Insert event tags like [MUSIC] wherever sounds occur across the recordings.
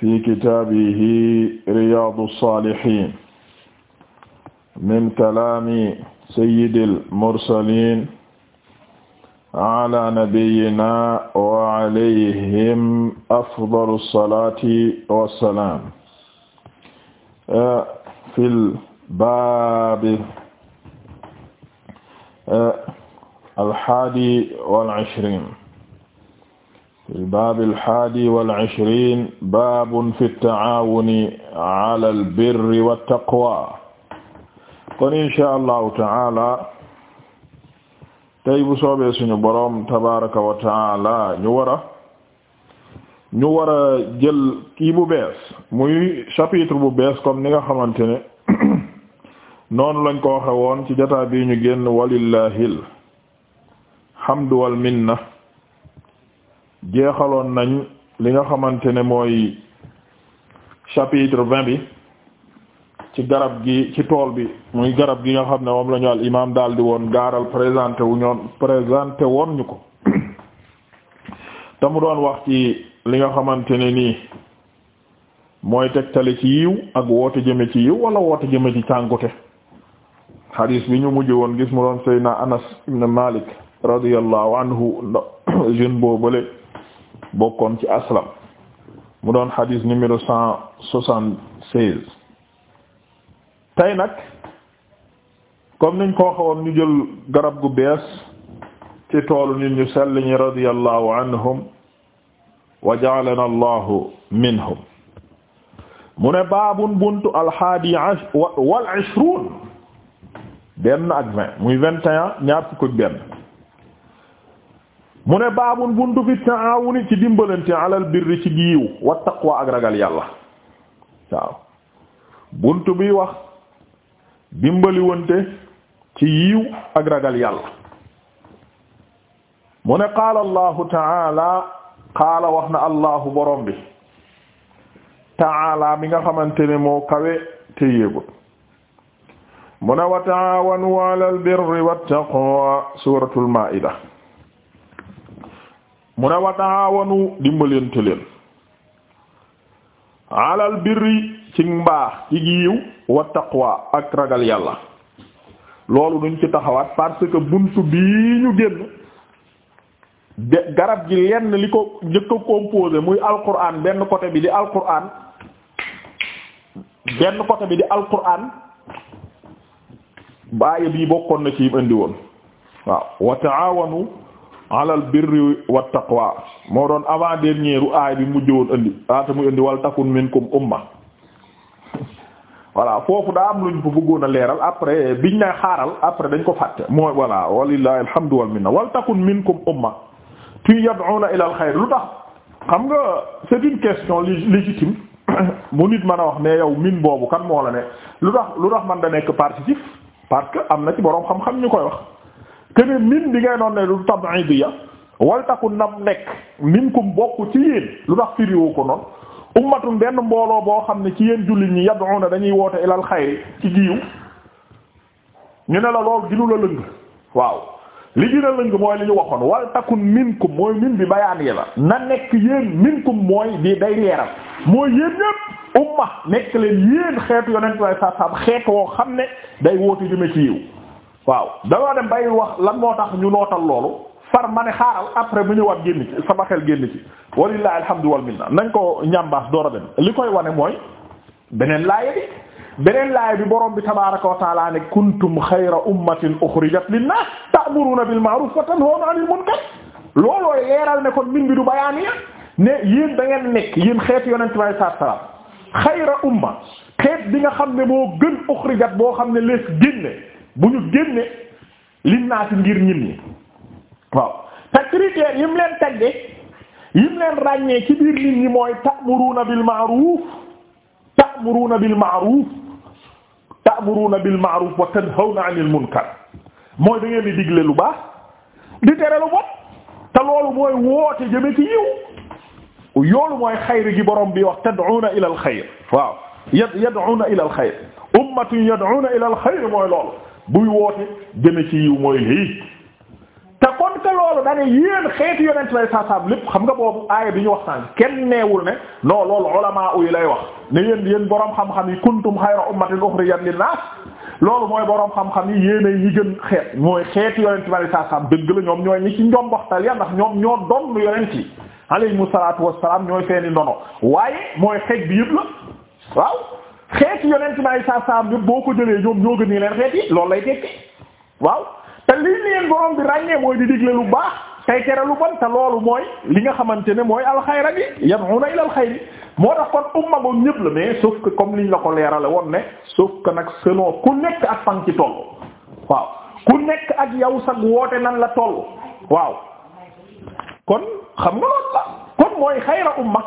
fi kitaabihi riyaadu saalihiin min kalaami sayyidil mursaliin ala nabiyyina wa alayhim afdalu salaati wa salaam fil baabi al haadi wal ishriin fi baabi alxaadi wal ishriin baabun fi tacaawuni ala albirri wattaqwa kon insha allahu taala tey bu soobee suñu boroom tabaraka wa taala ñu war ñu war jël kii bu bees muy chapitre bu bees comme ni nga xamante ne [COUGHS] noon lañ ko woon ci jataa bi ñu génn walillahil hamdu wal minna jeexaloon nañ li nga xamante ne mooy chapitre vingt bi ci garab gi ci tool bi muy garab gi nga xam ne moom la ñu al imaam daal di woon gaaral présenté wu ñoon présenté woon ñu ko te doon wax ci li nga xamante ne nii mooy tegtale ci yiw ak woote jëme ci yiw wala woote jëme ci càngute xadiis bi ñu mujj woon gis mu doon Seydina Anas ibn Malik radiyallahu anhu jeune boobale bokkoon ci aslam mu doon xadis numéro cent soixante-seize tey nag comme niñ ko waxoon ñu jël garab gu bees ci toolu nit ñu sell ñi radiyallahu anhum wa ja'alana allahu minhum mu ne baabun buntu alhaadi wal ishruun benn ak vingt muy vingt et un ñaar fukk ak benn mu ne baabun buntu i taawuni ci dimbalante alal birri ci giiw wa taqwa ak ragal yàlla waaw bi wax dimbaliwante ci yiiw ak ragal yàlla mu ne qaala allahu taala qaala wax na allahu borom bi taala mi nga xamante ne moo kawe te yéegul mu ne wa taawanu alal birri wa taqwa suratul maida mu ne wa taawanu dimbalante leen alal birri ci mbaax ci giiw wa ak ragal yàlla loolu duñ ci taxawaat parce que buntu bii ñu génn de garab gi lenn li ko njëkk a composé muy alquran benn côté bi di alquran benn côté bi di alquran baaye bokkoon na ci yim indi woon waaw wa alal birri wa taqwa moo doon avant dernier u bi mujj woon indi aata muy indi wal takun minkum umma [LAUGHS] voilà foofu daa am luñ ko bëggoon a leeral après biñ na xaaral après dañ ko fàtte mooy voilà walillahi alhamdu wal minna wal takun minkum umma tuy yad'una ila al xayr lu tax xam nga c'est une question légitime [COUGHS] mu nit mën a wax ne yow min boobu kan moo la ne lu tax lu tax man da nekk partitif parce que am na ci boroom xam-xam ñu koy wax kene min bi ngay doon ne du tabidiya wal takun nam nekk minkum bokk ci yéen lu tax firiwu ko noonu ummatun benn mbooloo boo xam ne ci yéen jullit ñi yad'una dañuy woote ilal xayri ci giiw ñu ne la lool ginu lëng waaw li gën a lëng mooy li ñu waxoon wal takun minkum mooy min bi bayaan la na nekk yéen minkum mooy di day leeral mooy yéen ñépp umma nekk leen yéen xeetu yonent way sa sam xeet woo xam ne day woote jëme ci yiw waaw dañoo bay wax lan moo tax ñu nootal loolu par ma ne xaaral après mu ñëwaat génn ci sama xel génn ci walillahi alhamdu wal minna nañ ko ñambaas door a dem li koy wane mooy beneen laaya bi beneen laaya bi boroom bi tabaaraka wa taala ne kuntum xayra ummatin uxrijat linnaas ta'muruna bil ma'ruf wa tanhawna 'anil munkar loolooy leeral ne kon min bi du bayaani ya ne yéen da ngeen nekk yéen xeetu yonent bi alayhi salaatu salaam xayra umma xeet bi nga xam ne moo gën uxrijat boo xam ne lees génne bu ñu génne lin naa ci ngir ñin ñi waaw te critères yim leen tagge yim leen ràññee ci biir lin ñi mooy ta'muruna bil ma'ruf ta'muruna bil ma'ruf ta'muruna bil ma'ruf wa tanhawna 'anil munkar mooy da ngeen di digle lu baax di tere lu bon te loolu mooy woote jëme ci yiw yoolu mooy xayr gi borom bi wax tad'una ila al xayr waaw yad'una ila al xayr ummatun yad'una ila al xayr mooy loolu buy woote jëme ci yiw mooy lii te kon que loolu da ne yéen xeeti yonent lay saasaam lépp xam nga boobu aaya bi ñu wax sànq kenn neewul ne non loolu ulama yi lay wax ne yéen yéen boroom xam-xam yi kuntum xayra ummatin uxrijat linnaas loolu mooy boroom xam-xam yi yéenay ñi gën xeet mooy xeeti yonent lay saasaam dëgg la ñoom ñooy ni ci ñoom waxtaan ya ndax ñoom ñoo doon yonent yi alayhimu salaatu wassalaam ñooy seeni ndono waaye mooy xeej bi yëpp la waaw. xeet yonent bi saa saam yëpp boo ko jëlee ñoom ñoo gën leen xeet yi loolu lay tekki waaw te lii leen borom bi ràññee mooy di digle lu baax tey tere lu bon te loolu mooy li nga xamante ne mooy alxayra gi na ila alxayri moo tax kon umma boobu ñëpp la mais sauf que comme liñ la ko leerale woon ne sauf que nag selon ku nekk ak fan ci toll waaw ku nekk ak yow sag woote nan la toll waaw kon xam nga loolu la kon mooy xayra umma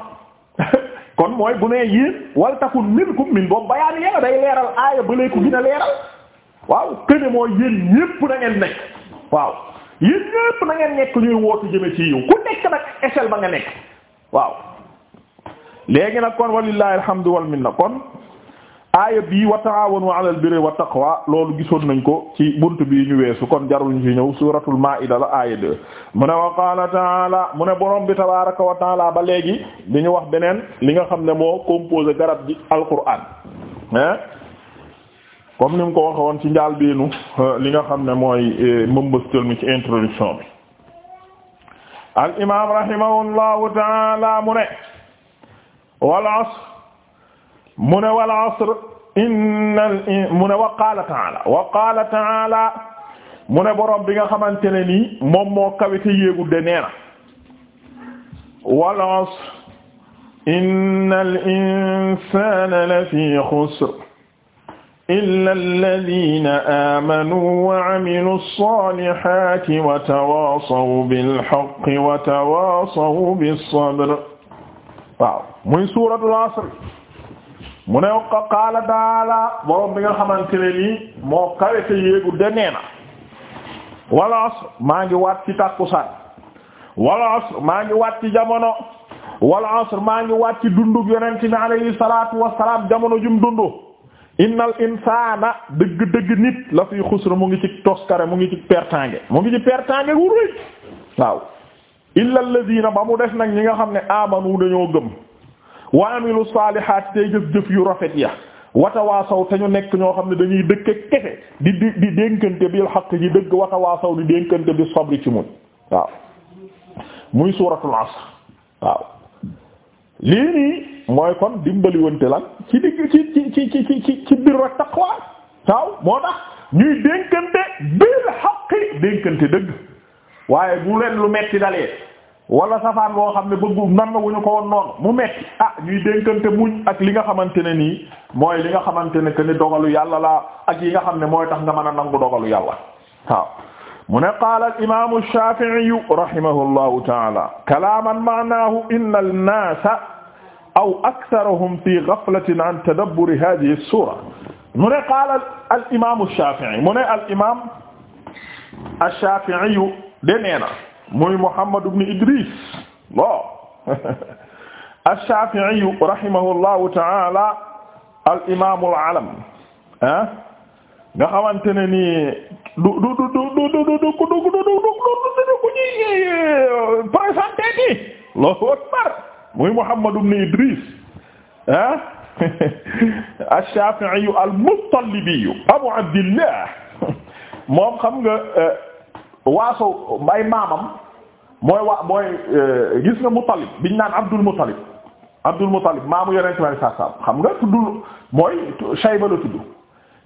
[LAUGHS] kon mooy bu nee yéen wal takun minkum min boobu bayaan yéena day leeral aaya ba ko gën a leeral waaw këne mooy yéen ñépp na ngeen nekk waaw yéen na ngeen nekk ñuy wootu jëme ci yiw ku nekk nag échelle ba nga nekk waaw léegi nag kon walillahi alhamdu wal minna kon aaya bii wa ta'awanu 'alal birri wa loolu gisoon nañ ko ci bunt bi ñu weesu kon jarul ñu ñëw suratul maa'ida la aaya deux mu ne wa qaala mu ne borom bi tabaaraka wa ba léegi di ñu wax beneen li nga xam ne moo composé garab gi alquraan hein comme ni mu ko waxe woon ci njaal beenu euh, li nga xam ne mooy euh, mbëmbëstal mi ci introduction bi al imaam rahimahullahu ta'ala mu ne wal mu ne wal asr innal mu ne wa qaala ta'ala wa qaala ta'ala mu ne borom bi nga xamante ne nii moom moo kawite yéegul de nee na wal asr innal insaana lafii xusr illa alladhiina aamanuu wa 'amiluu s-saalihaati wa tawaasaw bil-haqqi wa tawaasaw bis-sabr waaw muy suuratul asr mu ne qaala taala borom bi nga xamante ne nii moo kawe te yéegu de nee na wal maa ngi waat ci tàkkusaan wal maa ngi waat ci jamono walla asr maa ngi waat ci dundug yonent bi salaat salaatu wassalaam jamono jum dundu innal insaana dëgg-dëgg nit la fi xusra mu ngi ci toskare mu ngi ci pertange mu ngi ci pertange wu rëy waaw illa alladhina ba mu des nag ñi nga xam ne amanu dañoo gëm wa amilu saalihaat tey jëf jëf yu rafet ya watawaasaw te ñu nekk ñoo xam ne dañuy dëkk kese di di di dénkante bil xaq ji dëgg watawaasaw di dénkante bi sabri ci muñ waaw muy suuratul asr waaw lii nii mooy kon dimbaliwante lan ci digg ci ci ci ci ci ci ci birra taqwa waaw moo tax ñuy dénkante bil xaq dénkante dëgg waaye bu leen lu metti dalee wala safaan boo xam ne bëggu nan la wu ñu ko woon noonu mu metti ah ñuy dénkante muñ ak li nga xamante ne nii mooy li nga xamante ne que ni dogalu yàlla la ak yi nga xam ne mooy tax nga mën a nangu dogalu yàlla waaw mu ne qaala al imaamu ash-Shaafi'i rahimahu llahu ta'ala kalaaman ma'naahu inna an-naasa aw aktharuhum fi ghaflatin an tadabburi mu ne al imaamu al imaam ash-Shaafi'i muy Muhammad ibn Idris lo ash-Shafi'i rahimahullahu ta'ala al imam al alam ah nga xamante ne nii du du du du du du du du du du ku ñuy présenté ni Allahu akbar muy Muhammad ibn Idris ah ash-Shafi'i al-Muttalibi Abu Abdillah moom xam nga waaso mbay maamam mooy wa mooy euh, gis nga Muttalib biñ naan Abdul Muttalib Abdul Muttalib maamu yonent bi saa saa xam nga tuddul mooy Shayba la tudd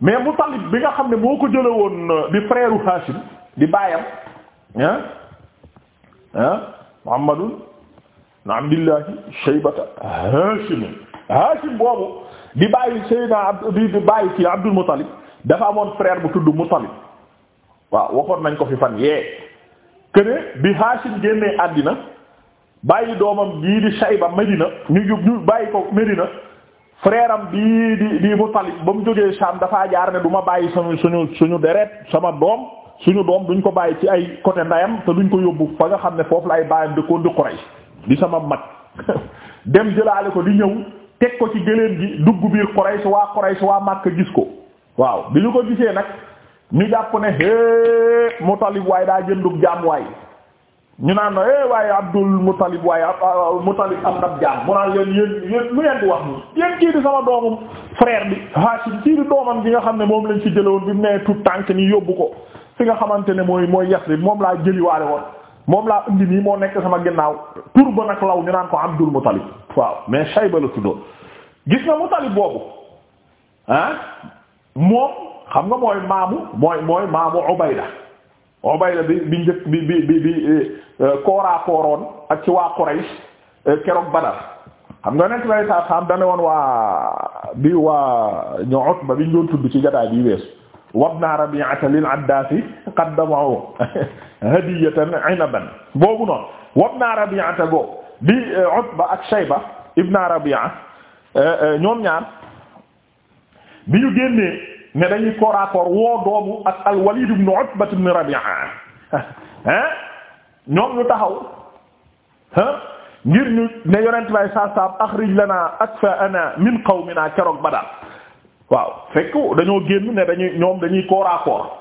mais Muttalib bi nga xam ne moo ko jëlee woon euh, di frère Hashim di baayam ah ah Muhammadun na Abdillahi Shaybata Hashim Hashim boobu di bàyyi Seydina di bàyyi ci Abdul Muttalib dafa amoon frère bu tudd Muttalib waaw waxoon nañ ko fi fan yee këne bi Haashim génnee àddina bàyyi doomam bii di ba Medina ñu ñu bàyyi ko Medina frère am bii di di Mutalib ba mu jógee Sham dafaa jaar ne du ma bàyyi sama suñu suñu deret sama doom suñu doom duñ ko bàyyi ci ay côté ndayam te duñ ko yóbbu fa nga xam ne foofu la ay bàyyam dëkkoon di Quraysh di sama mag [LAUGHS] dem jëlaale ko di ñëw teg ko ci gëléem gi dugg biir Quraysh waa Quraysh waa Makka gis ko waaw bi ko gisee nag ñu jàpp ne hee Mutalib waaye daa jëndub jaam waay ñu naan na hee waaye Abdul Mutalib waaye ah, ah, ah, Mutalib am nab jaam mu naan leen yéen yéen lu ngeen di wax nii yéen kii di sama doomu frère bi Hashim kii di doomam gi nga xam ne moom lañ si ci woon bi mu nee tout tànk ni yóbbu ko fi nga xamante ne mooy mooy Yasrib moom laa jëliwaale woon moom laa indi nii moo nekk sama ginnaaw tur ba nag law ñu naan ko Abdul Mutalib waaw mais Shayba la tuddoon gis nga Mutalib boobu ah moom xam nga mooy maamu mooy mooy maamu Ubayda Ubayda bi bi njëkk bi bi bi euh, kooraa kooroon ak ci waa Quraysh euh, keroog Badar xam nga nekk lay saa saam dane woon waa bi waa ñu Utba bi ñu doon tudd ci jotaay bi weesu wabna Rabi'ata lil Addaasi qaddamahu hadiyatan inaban boobu noonu wabna Rabi'ata boobu bi euh, Utba ak Shayba ibna Rabi'a ñoom ñaar bi ñu génnee ne dañuy corps à woo doomu ak al-Walid ibn Utba ibn Rabi'a ah [LAUGHS] ñoom ñu taxaw ah ngir ñu ne yonent lay saa saam akhrij lana akfa'ana min qawmina keroog Badar waaw fekk dañoo génn ne dañuy ñoom dañuy corps à corps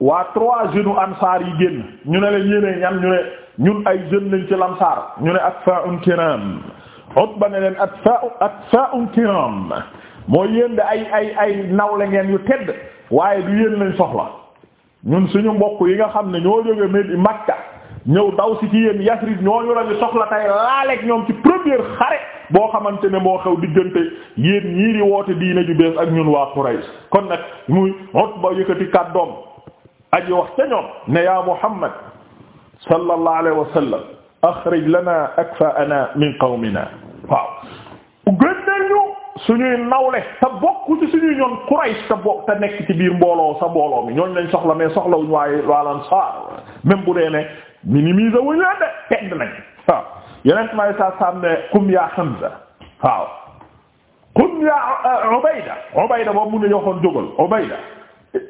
waa trois jeunes yi génn ñu ne leen yéenee ñan ñu ne ñun ay jën lañ ci lamsaar ñu ne akfa'un kiram Utba ne leen akfa'un kiram mooy yéen de ay ay ay nawle ngeen yu tedd waaye du yéen lañ soxla ñun suñu mbokk yi nga xam ne ñoo jóge Medi Makka ñëw daw si ci yéen Yasrib ñooñu lañu soxla tey laaleeg ñoom ci première xare boo xamante ne moo xew diggante yéen ñii di woote diine ju bees ak ñun waa Quraysh kon nag muy Utba yëkkati kàddoom aji wax ca ñoom ne yaa Muhammad sallallahu alayhi wa sallam akhrij lana akfaana min qawmina waaw suñuy nawle te bokku ci suñuy ñoon Quraysh te bokk te nekk ci biir mbooloo sa mbooloo mi ñooñ lañ soxla mais soxlawuñ waaye waa Ansaar même bu dee ne minimise wuñ leen de tedd nañ waaw yeneen may sa saam ne qum ya Hamza waaw qum ya Ubayda Ubayda boobu mu ne yoxoon jógal Ubayda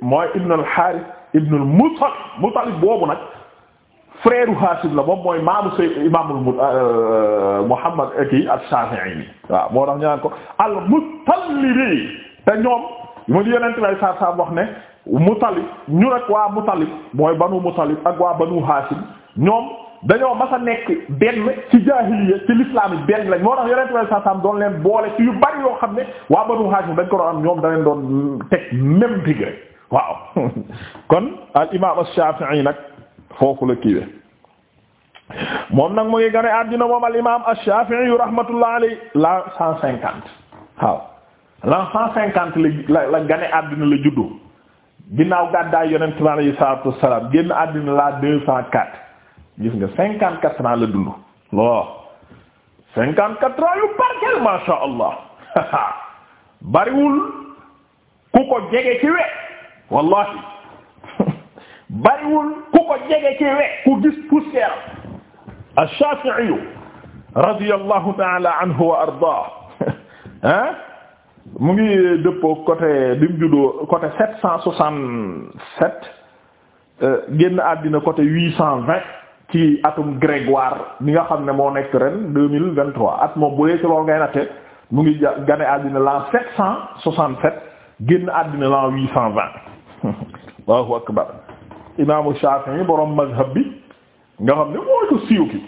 mooy ibn al Harith ibn al Mutalib Mutalib boobu nag frère Hashim la moom mooy maamu Seydou imaamul mu euh, Muhammad aki euh, as-Shafi'i waaw moo tax ñu ko al-Muttalibi te ñoom mu di yonent lay saa saa wax ne Muttalib ñu rek waa Muttalib mooy banu Muttalib ak waa banu Hashim ñoom dañoo ma a nekk benn ci jaahiliya ci l'islam yi benn lañ moo tax yonent lay saa doon leen boole ci yu bari yoo xam ne waa banu Hashim dañ ko doon am ñoom da leen doon teg même degré waaw [LAUGHS] kon al imaam as-Shafi'i foofu la kiiwe moom nag mu ngi gane àddina moom al imam ash rahmatullah la cinquante la cent cinquante la la gane àddina la juddu ginnaaw gàddaay yonent bi alayhi salaatu wassalaam génn àddina la deux cent quatre gis nga cinquante quatre ans la dund lo cinquante quatre yu barkeel ma sha Allah [LAUGHS] bariwul ku ko jege ci wallahi [LAUGHS] bariwul ku ko jege ci we ku gis poussière ash-Shafi'i radiyallahu ta'ala anhu wa ardaah ah mu ngi dëppoo côté bi mu juddoo côté sept cent soixante euh, génn àddina côté huit cent vingt ci atum grégoire bi nga xam ne moo nekk ren deux mille vingt at moom bu dee ci loolu ngay natte mu ngi gane àddina l'an sept cent soixante-sept génn àddina l'an huit cent [LAUGHS] imaamu Shafi'i borom mazhab bi nga xam ne mooy ko siiw ki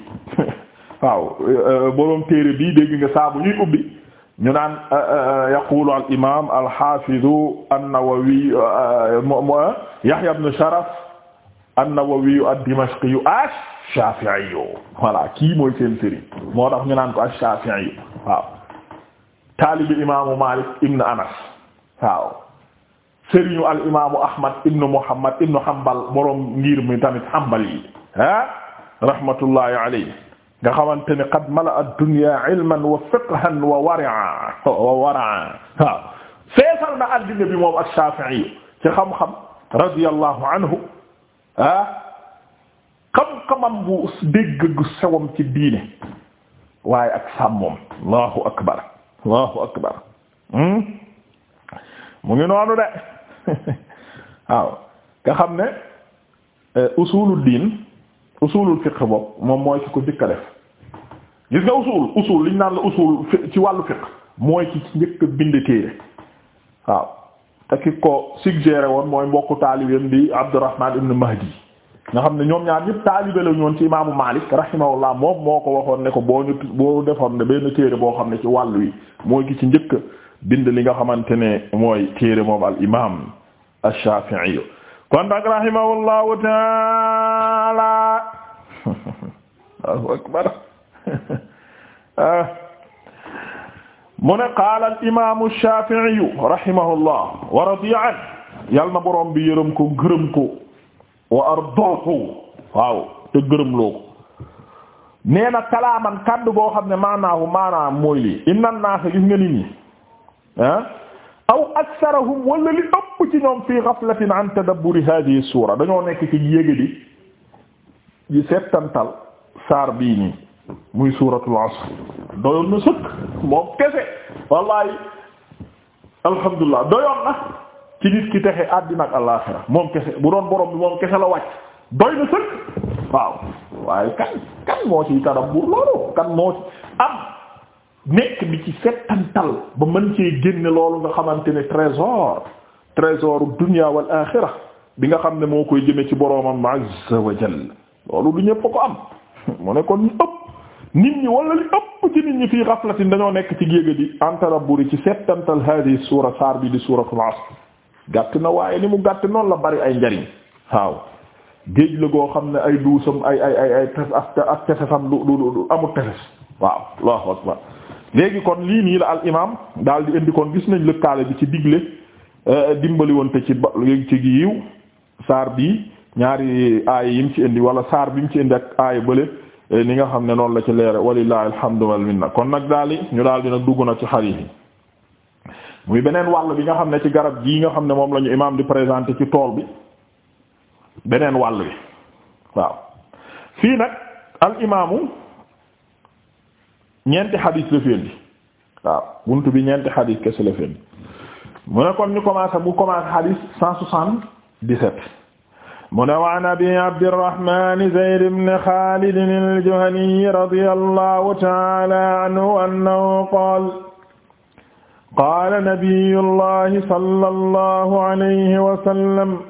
waaw euh, borom téere bii dégg nga saa bu ñuy ubbi ñu naan euh, euh, yaqulu al imaam al haafiz an-Nawawi Yahya ibn Sharaf an-Nawawi ad-Dimashqi ash-Shafi'i voilà kii mooy seen sëriñ moo tax ñu naan ko ash-Shafi'i waaw taalibi imaamu Malik ibn Anas waaw. sëriñu al imaamu ahmad ibnu muhammad ibnu hanbal boroom ngir mi tamit hanbal yi ah rahmatullahi alayhi nga xamante ne qad mala ad-dunya ilman wa fiqhan wa wara wa wara waaw feesal na addina bi moom ak Shafi'i yi ci xam-xam radiyallahu anhu ah xam-xamam bu dégg gu sewam ci diine waaye ak sàmmoom allahu akbar allahu akbar hmm? mu ngi noonu de [LAUGHS] waaw nga xam ne euh, usulul diin usulul fiqh bopp moom mooy ci ko njëkk a def gis nga usul usul liñ naan la usul ci wàllu fiqh mooy ci njëkk bind téere waaw te ki ko suggéré woon mooy mbokku taalibeem bi Abdurrahman ibn Mahdi nga xam ne ñoom ñaar ñëpp taalibe la ñoon ci imaamu Malik rahimahullah moom moo ko waxoon ne ko boo ñu boo defoon ne benn téere boo xam ne ci wàll wi mooy ki ci njëkk bind li nga xamante ne mooy téere moom al imam ash-Shafi'i kon nag rahimahullahu taala akbar [LAUGHS] mu ne qaala al imam ash-Shafi'i rahimahullah wa yal na boroom bi yërëm ko gërëm ko wa ardaahu waaw te gërëm loo kalaaman kaddu boo xam ne maanaahu maanaam mooy lii inna an-naasa gis nga nit ñi ah aw aktharahum wala li ëpp ci ñoom fii ghaflatin an tadabburi hadhihi suura dañoo nekk ci yéegi di di settantal saar bii nii muy suuratul asr doyoon na sëkk moom kese wallahi alhamdulilah doyoon na ci nit ki texe àddina ak alaaxira moom kese bu doon borom bi moom kese la wàcc doy na sëkk waaw waaye kan kan moo ci tadabbur loolu kan moo ci am nekk bi ci settantal ba mën cee génne loolu nga xamante ne trésor trésoru dunya wal axira bi nga xam ne moo koy jëme ci boroomam azza wa jall loolu du ñëpp ko am mu ne kon ëpp nit ñi wala li ëpp ci nit ñi fii ghaflatin dañoo nekk ci géega di antarabburi ci settantal hadi suura saar bi di suuratul asr gàtt na waaye ni mu gàtt noonu la bari ay njariñ waaw géej la goo xam ne ay duusam ay ay ay ay tefes ak tefesam du du du amul tefes waaw allahu akbar léegi kon lii nii la al imaam daal di indi kon gis nañ lëkkaale bi ci digle euh, dimbali woon te ci ba ci yiw saar bi ñaari aay yi mu ci indi wala saar bi mu ci indi ak aay bële euh, ni nga xam ne noonu la ci leere walillahi alhamdu wal kon nag daal di ñu daal di nag dugg na ci xadiis yi muy beneen wàll bi nga xam ne ci garab gii nga xam ne moom la ñu imaam di présenté ci tool bi beneen wàll bi waaw fii nag al imaamu ñeenti xadis la fendi waaw buntu bi ñeenti xadis kese la fendi mu ne abi abdirrahman zayd ibn xaalid al-juhani radiyallahu ta'ala anhu annahu qaala qaala nabiyullahi sallallahu alayhi wa sallam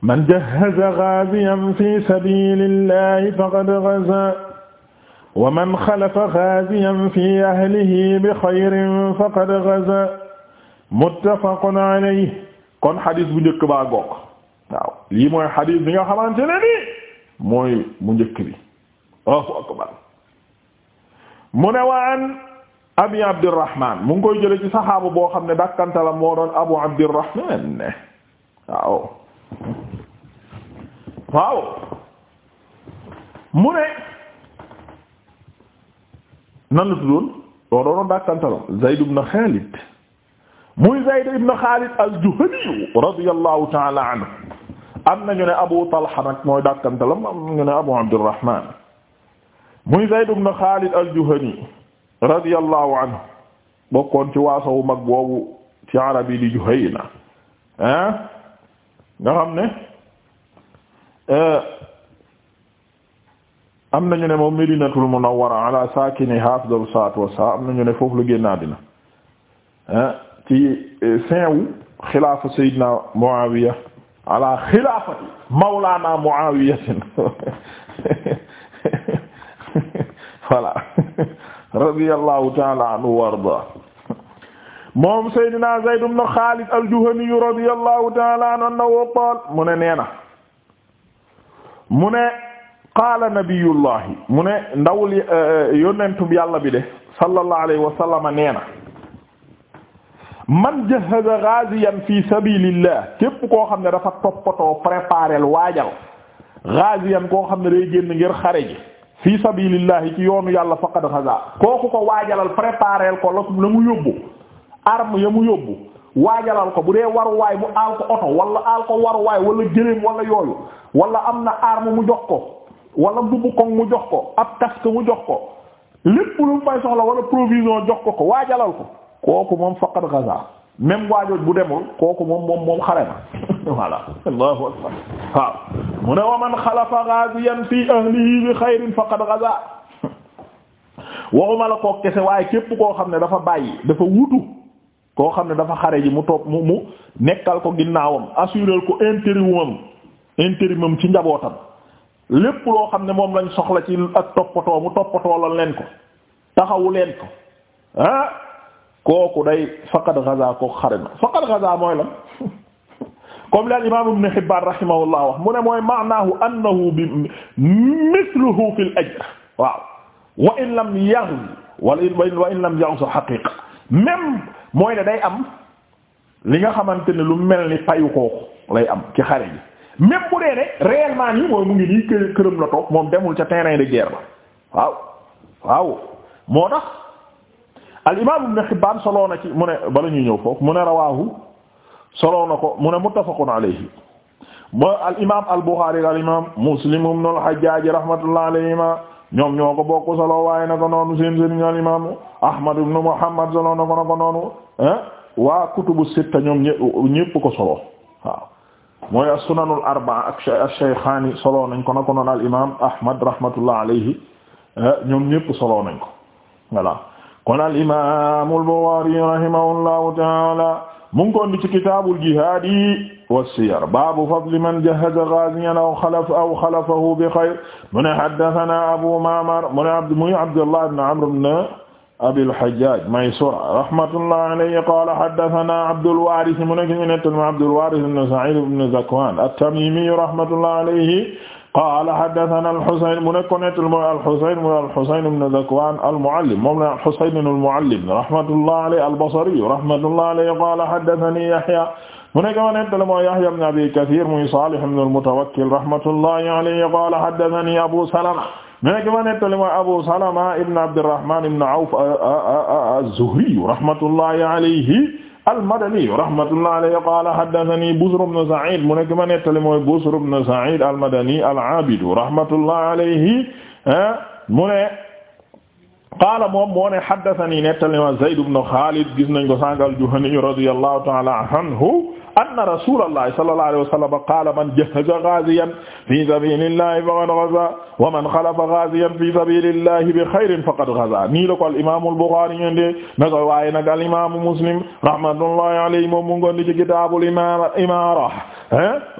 man jahhaza ghaziyan fi sabilillahi faqad ghaza wa man xalafa fi ahlihi bi xayrin faqad gaza muttafaqun alayhi kon xadis bu njëkk baa goog waaw lii mooy xadis bi nga xamante ne ni mooy mu njëkk bi Allahu akbar mu ne waan abi abdirahman mu ngi koy jële ci saxaaba boo xam ne dàkkantala moo doon abu abdirahman nan la tuddoon doo doonoon dàkkantalam Zayd muy Zayd ibn Khalid al-Juhani radiyallahu ta'ala anhu am na ñu ne Abu Talha nag mooy dàkkantalam am ñu ne Abu Abdurrahman muy Zayd ibn Khalid al-Juhani radiyallahu anhu bokkoon ci waasawu mag boobu ci arab yi di Juhayna ah nga xam ne euh, am nañu ne moom Madinatul Munawwara ala sakiniha afdalu salaatu wassalaam am nañu ne foofu la génn àddina ah, ci eh, fin wu xilaafa Seydina Muawiya ala xilaafati Mawlana Muawiya [LAUGHS] voilà radiyallahu ta'ala anhu wa moom Seydina Zayd ibn Khalid al-Juhani radiyallahu ta'ala anhu qaala mu ne nee mu ne qaala nabiyullahi mu ne ndawul eh, eh, yonentum yàlla bi de sallallahu alayhi wa sallam nee na man jahhaza ghaziyan fi sabilillah képp koo xam ne dafa toppatoo préparel waajal ghaziyan koo xam ne day génn ngir xare ji fi yi ci yoonu yàlla faqad ghaza kooku ko waajalal préparel ko la mu yóbbu arm ya mu yóbbu waajalal ko bu dee waruwaay mu aal ko oto wala aal ko waruwaay wala jëléem wala yooyu wala am na arme mu jox ko wala mbubu koŋ mu jox ko ab casque mu jox ko lépp lu mu fay soxla wala provision jox ko ko waajalal ko kooku moom faqad gaza même waajooj bu demul kooku moom moom moom xare na [LAUGHS] voilà allahu akbar waaw mu ne wa man fii ghaziyan fi ahlihi bi xayrin faqad gaza [LAUGHS] waxuma la koo kese waaye képp koo xam ne dafa bàyyi dafa wutu koo xam ne dafa xare ji mu toog mu mu nekkal ko ginnaawam assurer ko intérim am intérim am ci njabootam lépp loo xam ne moom lañ soxla ci ak toppatoo mu toppatoo la leen ko taxawu leen ko ah kooku day faqad gaza kooku xare na faqad gaza mooy lan [LAUGHS] comme la al imam bi misluhu fil ajr waaw wa in lam yaghz wa in lam yaghz haqiqa même mooy ne day am li nga xamante ne lu mel ni payu kooku lay am ci xare ji même bu dee ne réellement nii mooy mu ngi nii kë këram la moom demul ca terrain de guerre ba waaw waaw moo tax al imaam ibn Hibbaan ci mu ne bala ñuy ñëw foofu mu ne rawaahu soloo ko mu ne muttafaqun alayhi ma al imaam al Buxaari al imaam Muslim ibn al Hajjaaj rahmatullahi alayhima ñoom ñoo ko bokk solo waaye na ko noonu seen sëriñ al imaam Ahmad ibn Muhammad soloo ko noonu waa kutubu sitta ñoom ñëpp ñëpp ko solo mooy as-sunanul arbaa ak ash-shaykhaani solo nañ ko na ko noon al imaam Ahmad rahmatullah alayhi eh, ñoom ñépp solo nañ ko voilà kon al imaam al-Buxaari rahimahullahu ta'ala mu ngi ko indi ci kitaabul jihaad was-siyar baabu fadli man jahaza ghaaziyyan aw khalafa aw khalafahu bi khayr mu ne haddathanaa Abu Ma'mar mu ne muy Abdullah ibn Amr Abil Hajjaj Maysara rahmatullahi alayhi qala haddathana Abdul Waris mu nekk ñu nettali ma Abdul Waris ibn Sa'id ibn Zakwan at-Tamimi rahmatullahi alayhi qala haddathana al-Husayn mu nekk ko nettali ma al-Husayn mu al-Husayn ibn Zakwan al-Mu'allim moom la al-Husayn al-Mu'allim rahmatullahi alayhi al-Basri rahmatullahi alayhi qala haddathani Yahya mu nekk ma nettali ma Yahya ibn Abi Kathir muy Salih ibn al-Mutawakkil rahmatullahi alayhi qala haddathani Abu Salama ma ne ki ma nettali mooy Abu Salama ibn Abdurrahman ibn Awf az-Zuhri rahmatullahi alayhi al-Madani rahmatullahi alayhi qala haddathani Busr ibn Sa'id mu ne ki ma nettali mooy Busr ibn Sa'id al-Madani al-Abid rahmatullahi alayhi mu ne qaala moom moo ne haddathani nettali ma Zayd ibn Khalid gis nañ ko sànq al-Juhani radiyallahu ta'ala anhu anna rasulallahi sallallahu alayhi wa sallam qaala man jahaza ghaziyan fi sabilillahi faqad ghaza wa man khalafa ghaziyan fi sabilillahi bi khayrin faqad ghaza nii la ko al imam al Bukhari ñende naka waaye nag al imam Muslim rahmatullahi alayhi moom mu ngoon ci kitaabul imaara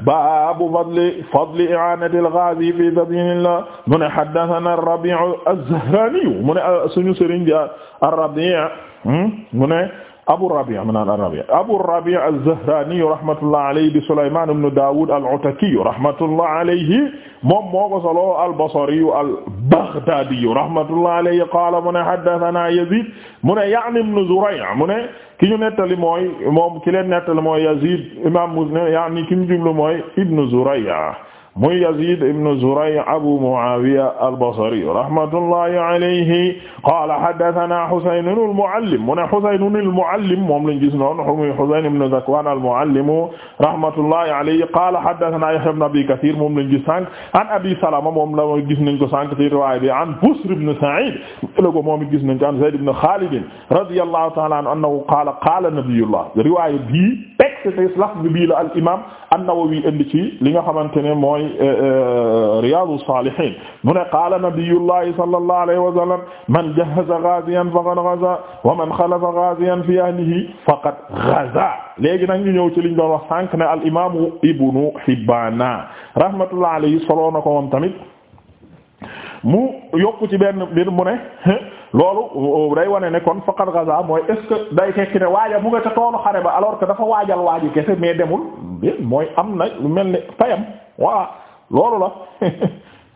baabu fadli fadli i'aanati al ghazi fi sabilillah mu ne haddathana ar-Rabi' az-Zahrani mu ne suñu sëriñ bi ar-Rabi' hmm? mu ne Abu Rabi' ma naan Rabi' Abu Rabi' az-Zahrani rahmatullah alayhi di Sulaymaan ibn Daawud al-Ataki rahmatullah alayhi moom moo ko solo al-Basri al-Baghdaadi rahmatullah alayhi qaala mu ne haddathanaa Yaziid mu ne ya'ni ibn Zuray' mu ne ki ñu nettali mooy moom ki leen nettali mooy Yaziid imaam Muslim ya'ni ki ñu jublu mooy ibn Zuray' muy Yazid ibn Zuray' Abu Muawiya al-Basri rahmatullahi alayhi qaala haddathana Husayn al-Mu'allim mu ne Husayn al-Mu'allim moom lañ gis noonu muy Husayn ibn Zakwan al-Mu'allim rahmatullahi alayhi qaala haddathana Yahya ibn Abi Kathir moom lañ gis sànq an Abi Salama moom la gis nañ ko sànq ci riwaaya bi an Busr ibn Sa'id logo moom it gis nañ ko an Zayd ibn Khalid radiyallahu ta'ala anhu annahu qaala qaala nabiyullah riwaaya bi texte laf bi la al imam an-Nawawi indi ci li nga xamante ne mooy mooy euh, euh, Riyadus Salihin mu ne qaala nabiyullahi sallallahu alayhi wa sallam man jahhaza ghaziyan faqad ghaza wa man khalafa ghaziyan fi ahlihi faqad ghaza léegi nag ñu ñëw ci liñ doon wax sànq ne al imaamu Ibnu Hibbaana rahmatullahi alayhi soloo na ko tamit mu yokku ci benn mbir mu ne [LAUGHS] loolu euh, day wane ne kon faqad gaza mooy est ce day tekki ne waaja mu nga ca toolu xare ba alors que dafa waajal waaji kese mais demul mooy am na lu fayam voilà loolu la [LAUGHS]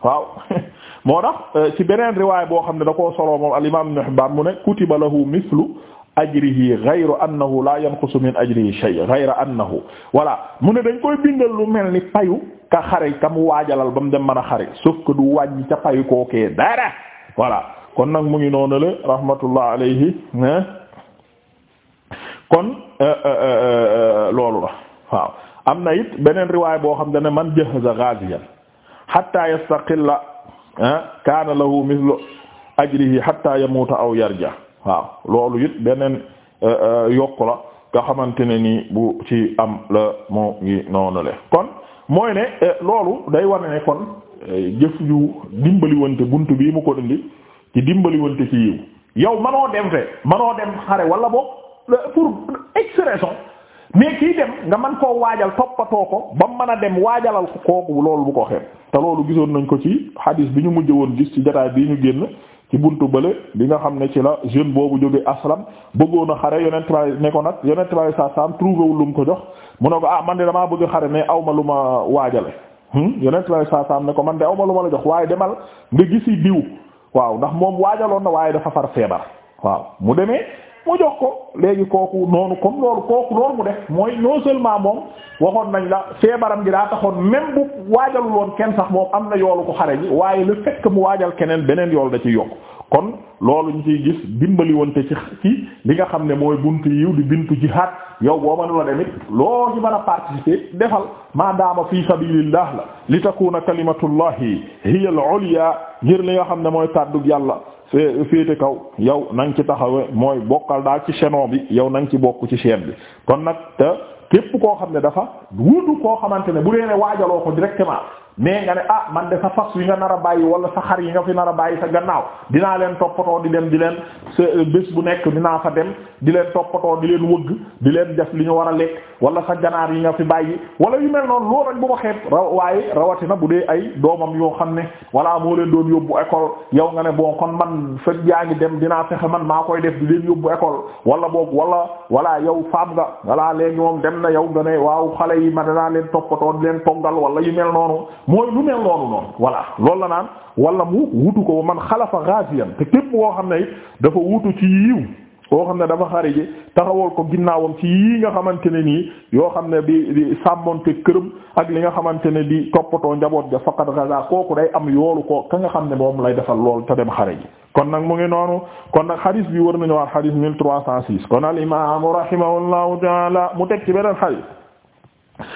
waaw [LAUGHS] moo tax euh, ci beneen riwaay boo xam ne da koo soloo moom al imam Ibn Hibbaan mu ne kutiba lahu mithlu ajrihi ghayra annahu la yanqusu min ajrihi shay ghayra annahu voilà mu ne dañ koy bindal lu mel ni payu ka xare ka mu waajalal ba mu dem mën a xare sauf que du wàññi ca payu kookee dara voilà kon nag mu ngi noonu la rahmatullah alayhi kon euh, euh, am na it beneen riwaay boo xam ne man jahaza ghaziyan hatta yastaqilla kaana lahu mithlu ajrihi hatta yamuta aw yar ja waaw loolu it beneen eh, eh, yokkula la nga xamante ne ni bu ci am la mu ngi noonu le kon mooy ne eh, loolu day war ne kon jëf yu dimbaliwante bunt bi mu ko indi ci dimbaliwante ci yiw yow manoo dem fe manoo dem xare wala boog pour X mais kii dem nga man koo waajal toppatoo ko ba mu mën a dem waajalal kooku loolu bu ko xeeb te loolu gisoon nañ ko ci hadis bi ñu mujj woon gis ci jotaay bii ñu génn ci buntu bale bi nga xam ne ci la jeune boobu jóge aslam bëggoon a xare yonent bi ne ko nag yonent bi saa saam trouvé wul lu ko jox mu ne ko ah man de damaa bëgg xare mais aw ma lu ma waajale hmm? yonent bi saa saam ne ko man de aw ma lu ma la jox waaye demal nga gisi diw waaw ndax moom waajaloon na waaye dafa far feebar waaw mu demee. mu jox ko léegi kooku noonu comme loolu kooku loolu mu def mooy non seulement moom waxoon nañ la feebaram gi daa taxoon même bu waajalul woon kenn sax moom am na yoolu ko xare ji waaye le fait mu waajal keneen beneen yool da ci yokk kon loolu ñu ciy gis dimbali woon te ci ci li nga xam ne mooy buntu yiw di bintu jihaad yow boo mënula demit loo ci mën a participer defal maadaama fi sabilillah la li takuna kalimatullahi hiya al-ulya ngir li nga xam ne mooy kàddug yàlla fee féete kaw yow na nga ci taxawe mooy bokkal daal ci chaînon bi yow na nga ci bokk ci chaîne bi kon nag te képp koo xam ne dafa wutu koo xamante ne bu dee ne waajaloo ko directement mais nga ne ah man de sa fas yi nga nar a bàyyi wala sa xar yi nga fi nar a bàyyi sa gannaaw dinaa leen toppatoo di dem di leen sa euh, bu nekk dinaa fa dem di leen toppatoo di leen wëgg di leen def li ñu war a lekk wala sa ganaar yi nga fi bàyyi wala yu mel noonu loolu rek bu ko xeet waaye rawatina bu dee ay doomam yoo xam ne wala moo leen doon yóbbu école yow nga ne bon kon man fekk yaa ngi dem dinaa fexe man maa koy def di leen yóbbu école wala boog wala wala yow faam nga wala léegi moom dem dem na yow gën a waaw xale yi ma danaa leen toppatoo di leen toggal wala yu mel noonu mooy lu mel noonu noonu voilà loolu la naan wala mu wutu ko man xalafa ghaziyan te képp koo xam ne dafa wutu ci yiw koo xam ne dafa xariji taxawal ko ginnaawam ci yii nga xamante ne nii yoo xam ne di di sàmmonte këram ak li nga xamante ne di toppatoo njaboot ga faqad gaza kooku day am yoolu ko ka nga xam ne moom lay defal lool te dem xariji kon nag mu ngi noonu kon nag xadis bi war nañu wax xadis mille trois cent six kon al imaamu rahimahullahu taala mu teg ci beneen xadis